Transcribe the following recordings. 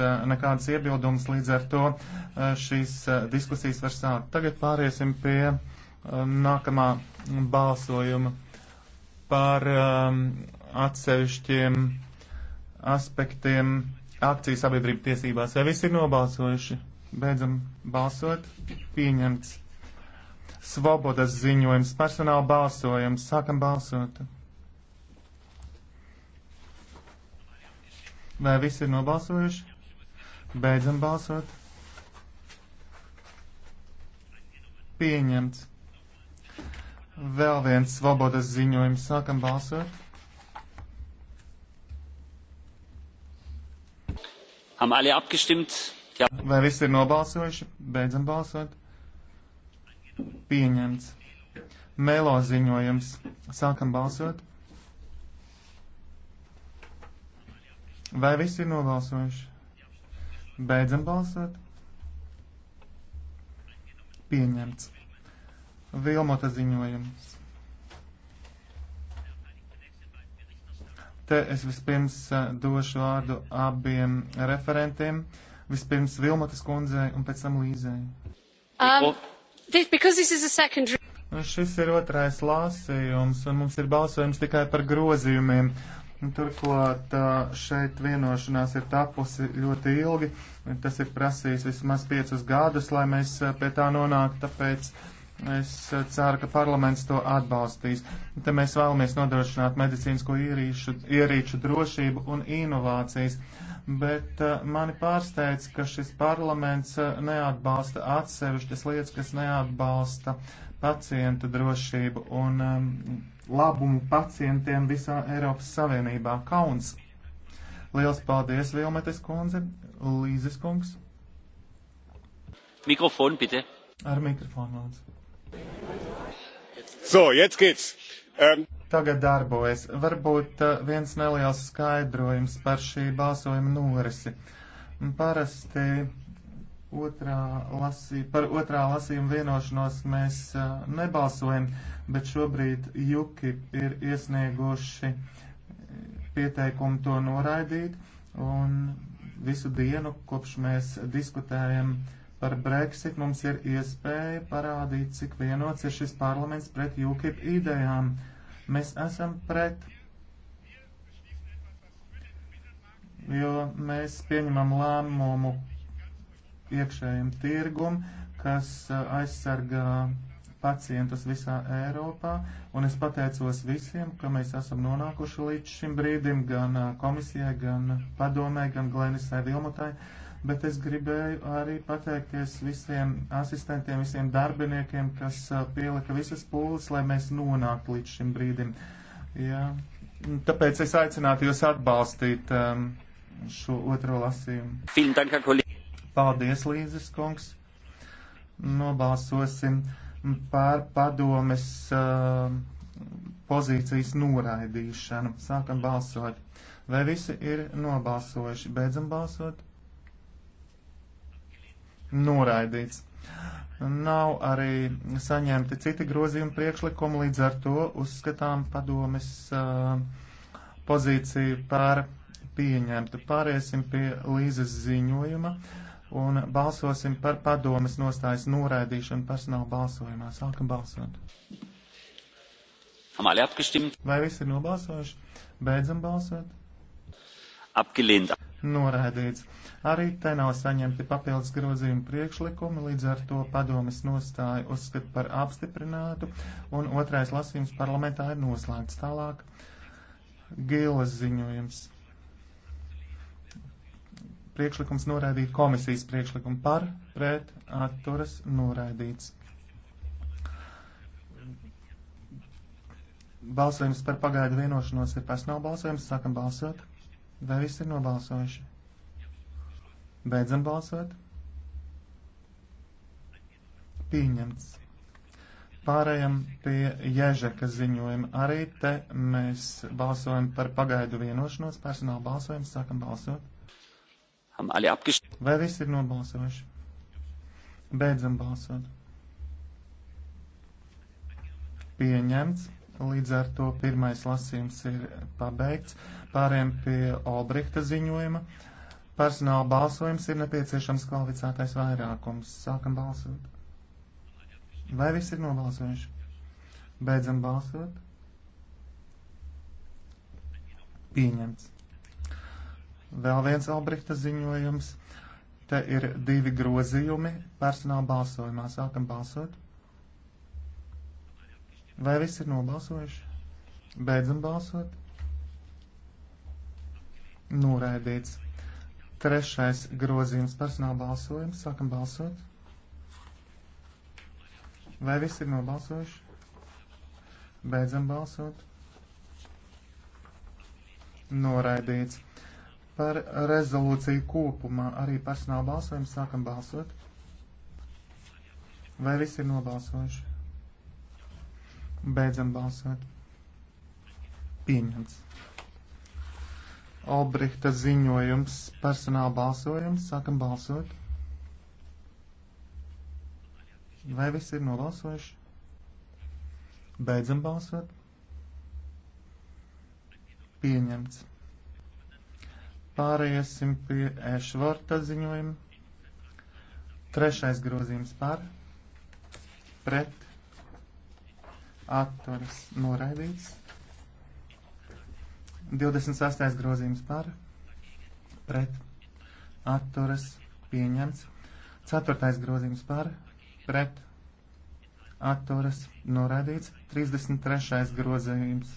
Eh, nekādas iebildumas, līdz ar to eh, šīs eh, diskusijas var sākt. Tagad pāriesim pie nākamā balsojuma par ehm, atsevišķiem aspektiem akciju sabiedrību tiesībās. Vai visi ir nobalsojuši? Beidzam balsot. Pieņemts. Svobodas ziņojums, personāla balsojums. Sākam balsot. Vai visi ir nobalsojuši? Beidzam balsot. Pieņemts. Vēl viens svobodas ziņojums. Sākam balsot. Haben alle abgestimmt? Ja. Vai visi ir nobalsojuši? Beidzam balsot. Pieņemts. Melo ziņojums. Sākam balsot. Vai visi ir nobalsojuši? Beidzam balsot. Pieņemts. Vilmota ziņojums. Te es vispirms eh, došu vārdu abiem referentiem. Vispirms Vilmotas kundzei un pēc tam Līzei. Um, this, this is secondary... Šis ir otrais lāsījums un mums ir balsojums tikai par grozījumiem. Uh, Nu, turklāt šeit vienošanās ir tapusi ļoti ilgi. Tas ir prasījis vismaz piecus gadus, lai mēs pie tā nonāktu, tāpēc es ceru, ka parlaments to atbalstīs. Te mēs vēlamies nodrošināt medicīnisko ierīšu, ierīču drošību un inovācijas, bet mani pārsteidz, ka šis parlaments neatbalsta atsevišķas lietas, kas neatbalsta pacientu drošību un um, labumu pacientiem visā Eiropas Savienībā. Kauns! Liels paldies, Vilmetes kundze, Līzes kungs. Mikrofon, bitte. Ar mikrofonu, lūdzu. So, jetzt geht's. Um... Tagad darbojas. Varbūt uh, viens neliels skaidrojums par šī balsojuma norisi. Parasti otrā lasī, par otrā lasījuma vienošanos mēs uh, nebalsojam, bet šobrīd juki ir iesnieguši pieteikumu to noraidīt, un visu dienu, kopš mēs diskutējam par Brexit, mums ir iespēja parādīt, cik vienots ir šis parlaments pret UKIP idejām. Mēs esam pret, jo mēs pieņemam lēmumu iekšējiem tirgum, kas aizsargā pacientus visā Eiropā, un es pateicos visiem, ka mēs esam nonākuši līdz šim brīdim, gan komisijai, gan padomē, gan Glenisai Vilmutai, bet es gribēju arī pateikties visiem asistentiem, visiem darbiniekiem, kas pielika visas pūles, lai mēs nonāktu līdz šim brīdim. Jā. Tāpēc es aicinātu jūs atbalstīt um, šo otro lasījumu. Paldies, Līzes kungs. Nobalsosim par padomes uh, pozīcijas noraidīšanu. Sākam balsot. Vai visi ir nobalsojuši? Beidzam balsot. Noraidīts. Nav arī saņemti citi grozījumi priekšlikumi, līdz ar to uzskatām padomes uh, pozīciju par pieņemtu. Pāriesim pie Līzes ziņojuma. Uh, un balsosim par padomas nostājas noraidīšanu personāla balsojumā. Sākam balsot. Vai visi ir nobalsojuši? Beidzam balsot. Apgilint. Noraidīts. Arī te nav saņemti papildus grozījumu priekšlikumi, līdz ar to padomas nostāju uzskat par apstiprinātu, un otrais lasījums parlamentā ir noslēgts tālāk. Gilas ziņojums priekšlikums noraidīt komisijas priekšlikumu par, pret, atturas, noraidīts. Balsojums par pagaidu vienošanos ir personāla balsojums. Sākam balsot. Vai viss ir nobalsojuši? Beidzam balsot. Pieņemts. Pārējām pie Ježeka ziņojuma. Arī te mēs balsojam par pagaidu vienošanos. Personāla balsojums. Sākam balsot. Vai viss ir nobalsojuši? Beidzam balsot. Pieņemts. Līdz ar to pirmais lasījums ir pabeigts. Pārējiem pie Olbrihta ziņojuma. Personāla balsojums ir nepieciešams kvalificētais vairākums. Sākam balsot. Vai viss ir nobalsojuši? Beidzam balsot. Pieņemts. Vēl viens Albrihta ziņojums. Te ir divi grozījumi personāla balsojumā. Sākam balsot. Vai viss ir nobalsojuši? Beidzam balsot. Noraidīts. Trešais grozījums personāla balsojums. Sākam balsot. Vai viss ir nobalsojuši? Beidzam balsot. Noraidīts par rezolūciju kopumā. Arī personāla balsojumu sākam balsot. Vai visi ir nobalsojuši? Beidzam balsot. Pieņemts. Albrihta ziņojums, personāla balsojums, sākam balsot. Vai visi ir nobalsojuši? Beidzam balsot. Pieņemts. Pāriesim pie Ešvorta ziņojuma. Trešais grozījums par, pret, atturas noraidīts. 28. grozījums par, pret, atturas pieņemts. 4. grozījums par, pret, atturas noraidīts. 33. grozījums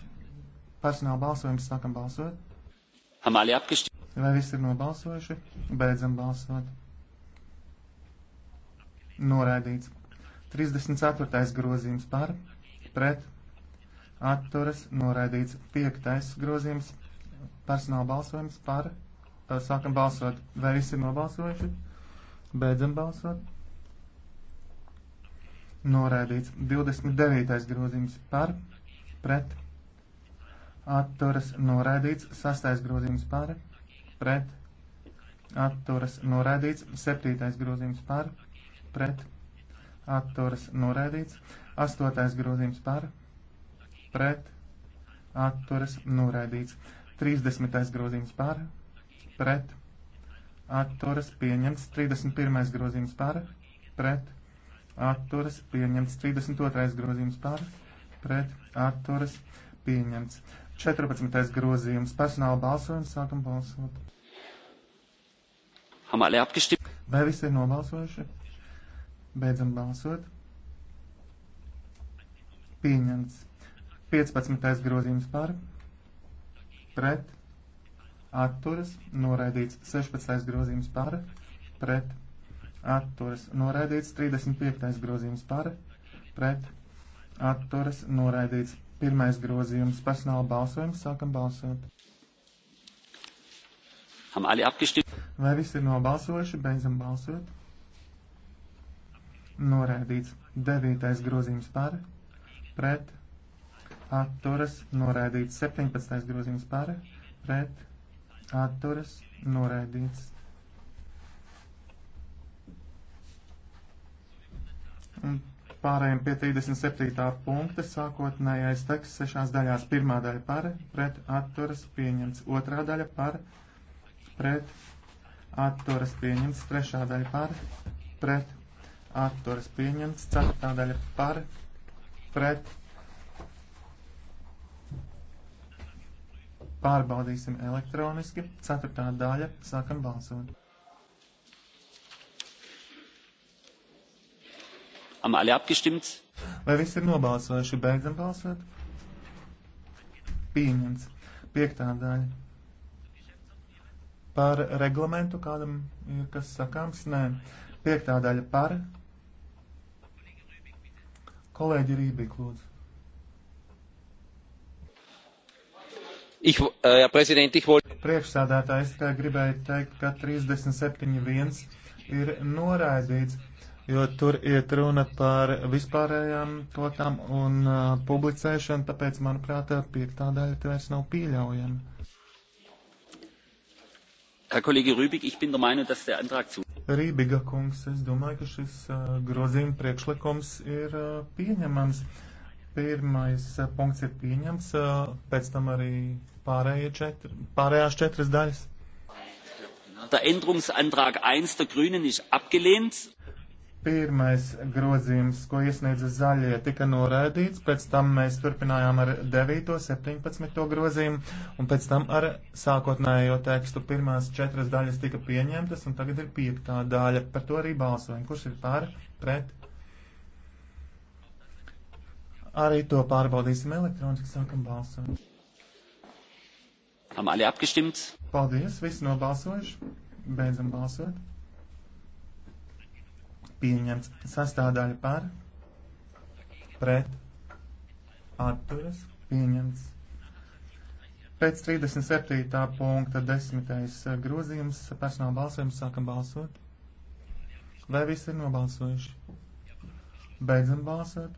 personāla balsojums sākam balsot. Vai viss ir nobalsojuši? Beidzam balsot. Noraidīts. 34. grozījums par, pret, atturas, noraidīts. 5. grozījums personāla balsojums par, sākam balsot. Vai viss ir nobalsojuši? Beidzam balsot. Noraidīts. 29. grozījums par, pret, atturas, noraidīts. 6. grozījums par, pret pret, atturas noraidīts, septītais grozījums par, pret, atturas noraidīts, astotais grozījums par, pret, atturas noraidīts, trīsdesmitais grozījums par, pret, atturas pieņemts, trīsdesmit pirmais grozījums par, pret, atturas pieņemts, trīsdesmit otrais grozījums par, pret, atturas pieņemts. 14. grozījums. Personāla balsojums sākam balsot. Vai visi ir nobalsojuši? Beidzam balsot. Pieņemts. 15. grozījums par. Pret. Atturas. Noraidīts. 16. grozījums par. Pret. Atturas. Noraidīts. 35. grozījums par. Pret. Atturas. Noraidīts. Pirmais grozījums. Personāla balsojums. Sākam balsot. Vai visi ir nobalsojuši? Beidzam balsot. Noraidīts. Devītais grozījums par, pret, atturas. Noraidīts. Septiņpadsmitais grozījums par, pret, atturas. Noraidīts. Un pārējiem pie 37. punkta sākotnējais teksts sešās daļās. Pirmā daļa par, pret, atturas, pieņemts. Otrā daļa par, pret pret atturas pieņemts. Trešā daļa par pret atturas pieņemts. Ceturtā daļa par pret. Pārbaudīsim elektroniski. Ceturtā daļa. Sākam balsot. Haben alle abgestimmt? Vai visi ir nobalsojuši? Beidzam balsot. Pieņemts. Piektā daļa. Par reglamentu kādam ir kas sakāms? Nē. Piektā daļa par. Kolēģi Rībīk, lūdzu. Ich, ja, äh, ich vol... Priekšsādātājs tikai gribēju teikt, ka 37.1 ir noraidīts, jo tur iet runa par vispārējām kvotām un uh, publicēšanu, tāpēc, manuprāt, piektā daļa vairs nav pieļaujama. Herr Kollege Rübig, ich bin der Meinung, dass der Antrag zu. Rībiga kungs, es domāju, ka šis uh, grozījuma priekšlikums ir uh, pieņemams. Pirmais uh, punkts ir pieņemts, pēc tam arī četri, pārējās četras daļas. Der Änderungsantrag 1 der Grünen ist abgelehnt. Pirmais grozījums, ko iesniedza zaļie, tika noraidīts, pēc tam mēs turpinājām ar 9. 17. grozījumu, un pēc tam ar sākotnējo tekstu pirmās četras daļas tika pieņemtas, un tagad ir piektā daļa. Par to arī balsojam. Kurš ir pār, pret? Arī to pārbaudīsim elektroniski, sākam balsot. Haben alle abgestimmt? Paldies, visi nobalsojuši. Beidzam balsot pieņemts. Sastāvdaļa par, pret, atturas, pieņemts. Pēc 37. punkta 10. Eh, grozījums personāla balsojums sākam balsot. Vai visi ir nobalsojuši? Beidzam balsot.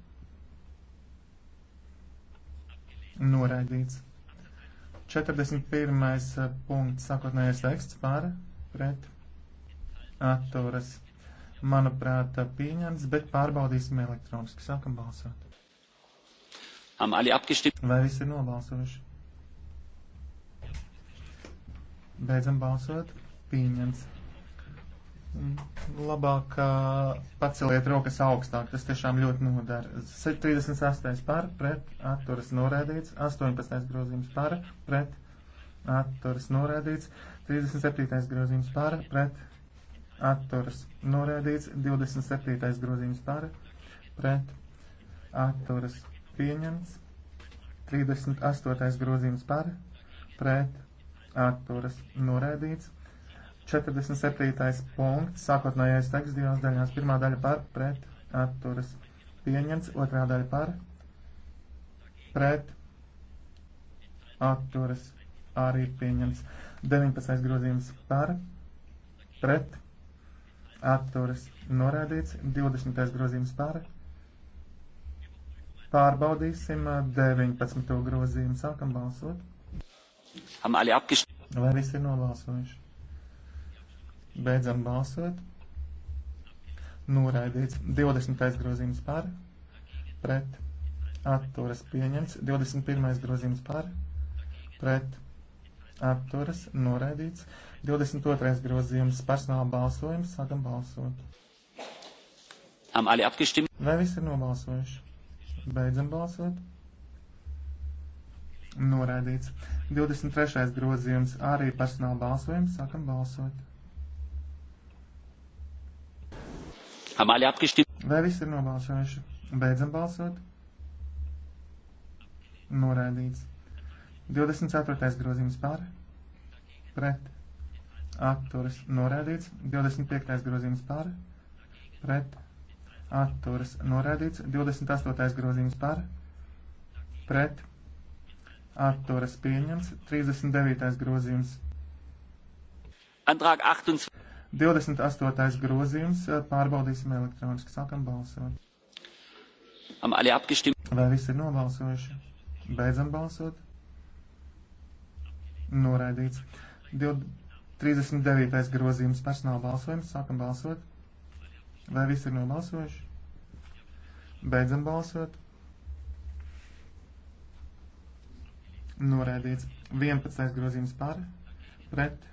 Noraidīts. 41. Eh, punkts sākotnējais teksts par, pret, atturas, pieņemts manuprāt, pieņemts, bet pārbaudīsim elektroniski. Sākam balsot. Vai visi ir nobalsojuši? Beidzam balsot. Pieņemts. Labāk paceliet rokas augstāk, tas tiešām ļoti nodara. 38. par, pret, atturas norēdīts, 18. grozījums par, pret, atturas norēdīts, 37. grozījums par, pret, atturas norēdīts, 27. grozījums par pret atturas pieņemts, 38. grozījums par pret atturas norēdīts, 47. punkts, sākotnējais teksts divās daļās, pirmā daļa par pret atturas pieņemts, otrā daļa par pret atturas arī pieņemts, 19. grozījums par pret atturas atturas norādīts, 20. grozījums par. Pārbaudīsim 19. grozījumu, sākam balsot. Vai visi ir nobalsojuši? Beidzam balsot. Noraidīts 20. grozījums par, pret, atturas pieņemts, 21. grozījums par, pret, atturas noraidīts. 22. grozījums personāla balsojums. Sākam balsot. Haben alle abgestimmt? Vai visi ir nobalsojuši? Beidzam balsot. Noraidīts. 23. grozījums arī personāla balsojums. Sākam balsot. Haben alle abgestimmt? Vai visi ir nobalsojuši? Beidzam balsot. Noraidīts. 24. grozījums par, pret, atturas norādīts, 25. grozījums par, pret, atturas norādīts, 28. grozījums par, pret, atturas pieņems, 39. grozījums. Antrāk 28. 28. grozījums, pārbaudīsim elektroniski, sākam balsot. Vai visi ir nobalsojuši? Beidzam balsot. Noraidīts. 39. grozījums personāla balsojums. Sākam balsot. Vai visi ir nobalsojuši? Beidzam balsot. Noraidīts. 11. grozījums par. Pret.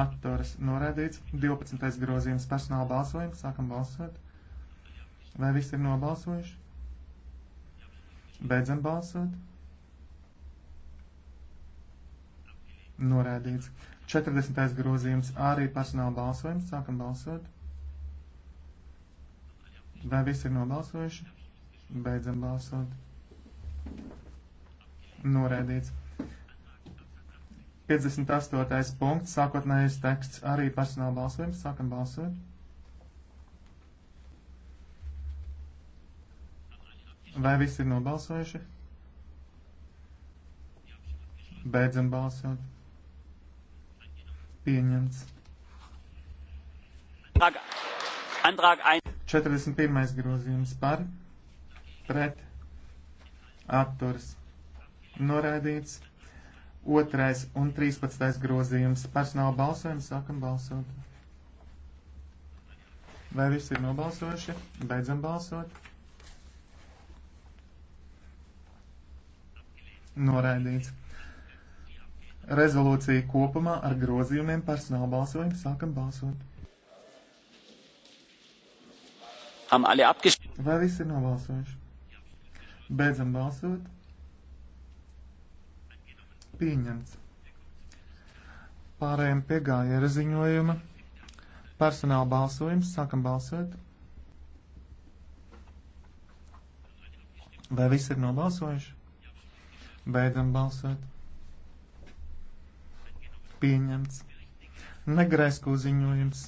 Atturas. Noraidīts. 12. grozījums personāla balsojums. Sākam balsot. Vai visi ir nobalsojuši? Beidzam balsot. Norēdīts. 40. grozījums arī personāla balsojums. Sākam balsot. Vai visi ir nobalsojuši? Beidzam balsot. Norēdīts. 58. punkts, sākotnējais teksts, arī personāla balsojums. Sākam balsot. Vai visi ir nobalsojuši? Beidzam balsot. Pieņemts. Antrāk 41. grozījums par, pret, atturs, noraidīts. Otrais un 13. grozījums personāla balsojums, sākam balsot. Vai visi ir nobalsojuši? Beidzam balsot. Noraidīts. Rezolūcija kopumā ar grozījumiem personāla balsojumu sākam balsot. Vai visi ir nobalsojuši? Beidzam balsot. Pieņemts. Pārējiem pie gājēra ziņojuma. Personāla balsojums. Sākam balsot. Vai visi ir nobalsojuši? Beidzam balsot pieņemts. Negresko ziņojums,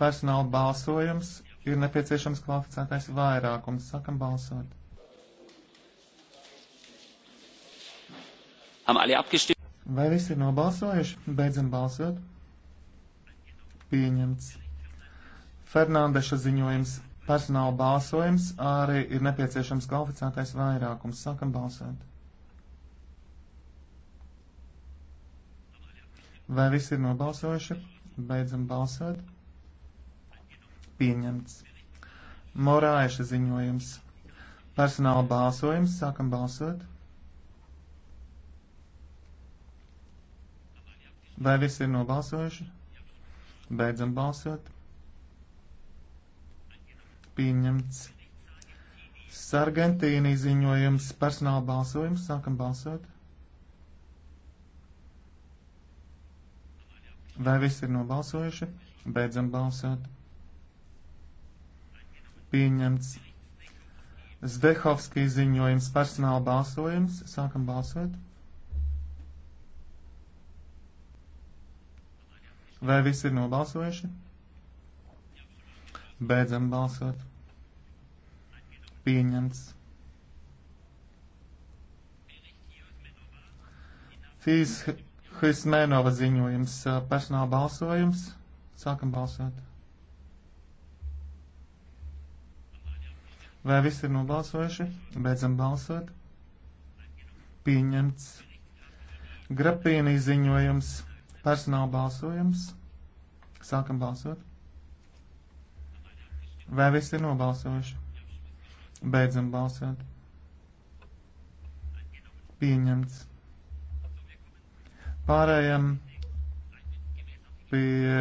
personāla balsojums, ir nepieciešams kvalificētais vairākums. Sakam balsot. Vai visi ir nobalsojuši? Beidzam balsot. Pieņemts. Fernandeša ziņojums personāla balsojums, arī ir nepieciešams kvalificētais vairākums. Sākam balsot. Vai visi ir nobalsojuši? Beidzam balsot. Pieņemts. Morāeša ziņojums. Personāla balsojums. Sākam balsot. Vai visi ir nobalsojuši? Beidzam balsot. Pieņemts. Sargentīnī ziņojums. Personāla balsojums. Sākam balsot. Vai viss ir nobalsojuši? Beidzam balsot. Pieņemts. Zdehovskij ziņojums personāla balsojums. Sākam balsot. Vai viss ir nobalsojuši? Beidzam balsot. Pieņemts. Fīs Hismēnova ziņojums, personāla balsojums. Sākam balsot. Vai visi ir nobalsojuši? Beidzam balsot. Pieņemts. Grapīnī ziņojums, personāla balsojums. Sākam balsot. Vai visi ir nobalsojuši? Beidzam balsot. Pieņemts. Pārējiem pie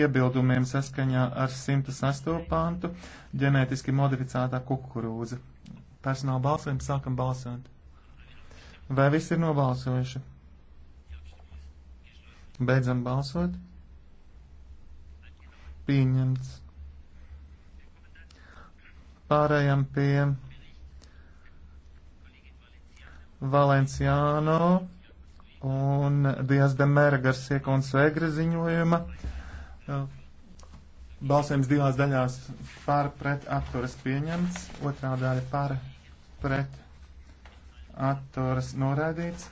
iebildumiem saskaņā ar 108. pantu ģenētiski modificētā kukurūza. Personāla balsojuma sākam balsot. Vai visi ir nobalsojuši? Beidzam balsot. Pieņemts. Pārējām pie Valenciāno un Dievs Demēra Garsieka un Svēgra ziņojuma. Balsojums divās daļās par pret aktoras pieņemts, otrā daļa par pret aktoras noraidīts.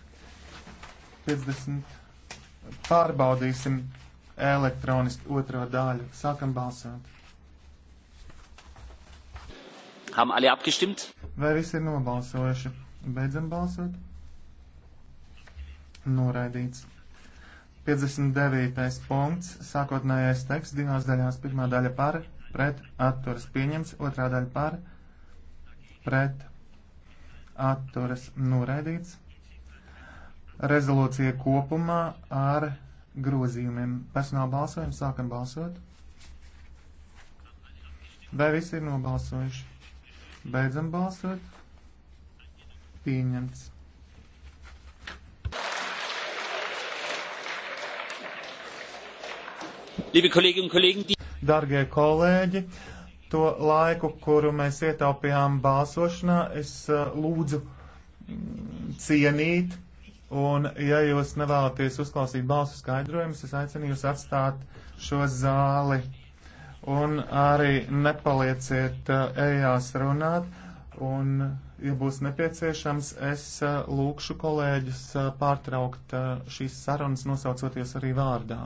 50. Pārbaudīsim elektroniski otro daļu. Sākam balsot. Haben alle abgestimmt? Vai visi ir nobalsojuši? Beidzam balsot noraidīts. 59. punkts, sākotnējais teksts divās daļās. Pirmā daļa par, pret, atturas pieņemts, otrā daļa par, pret, atturas noraidīts. Rezolūcija kopumā ar grozījumiem. Personāla balsojumu sākam balsot. Vai visi ir nobalsojuši? Beidzam balsot. Pieņemts. Liebe Kolleginnen und Kollegen, die... Dargie kolēģi, to laiku, kuru mēs ietaupījām balsošanā, es uh, lūdzu mm, cienīt, un ja jūs nevēlaties uzklausīt balsu skaidrojumus, es aicinu jūs atstāt šo zāli un arī nepalieciet uh, ejās runāt, un, ja būs nepieciešams, es uh, lūkšu kolēģus pārtraukt šīs sarunas, nosaucoties arī vārdā.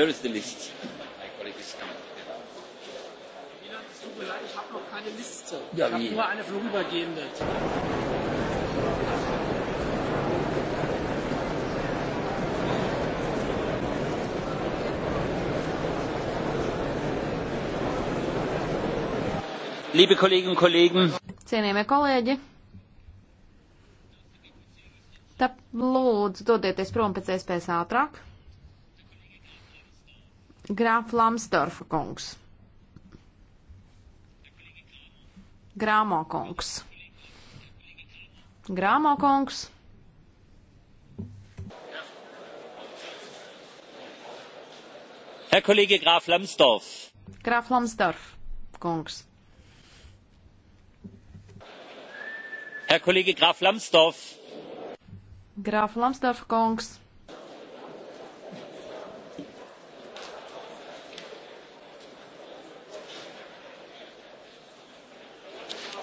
where is the list? Tut mir leid, ich habe noch keine Liste. Ja, ich habe nur eine vorübergehende. Liebe Kolleginnen und Kollegen, cienījamie kolēģi, tad lūdzu dodieties prom pēc iespējas ātrāk. Grāf Lamsdorfa kungs. Grāmo kungs. Grāmo kungs. Herr Kollege Graf Lambsdorff. Graf Lambsdorff, kungs. Herr Kollege Graf Lambsdorff. Graf Lambsdorff, kungs.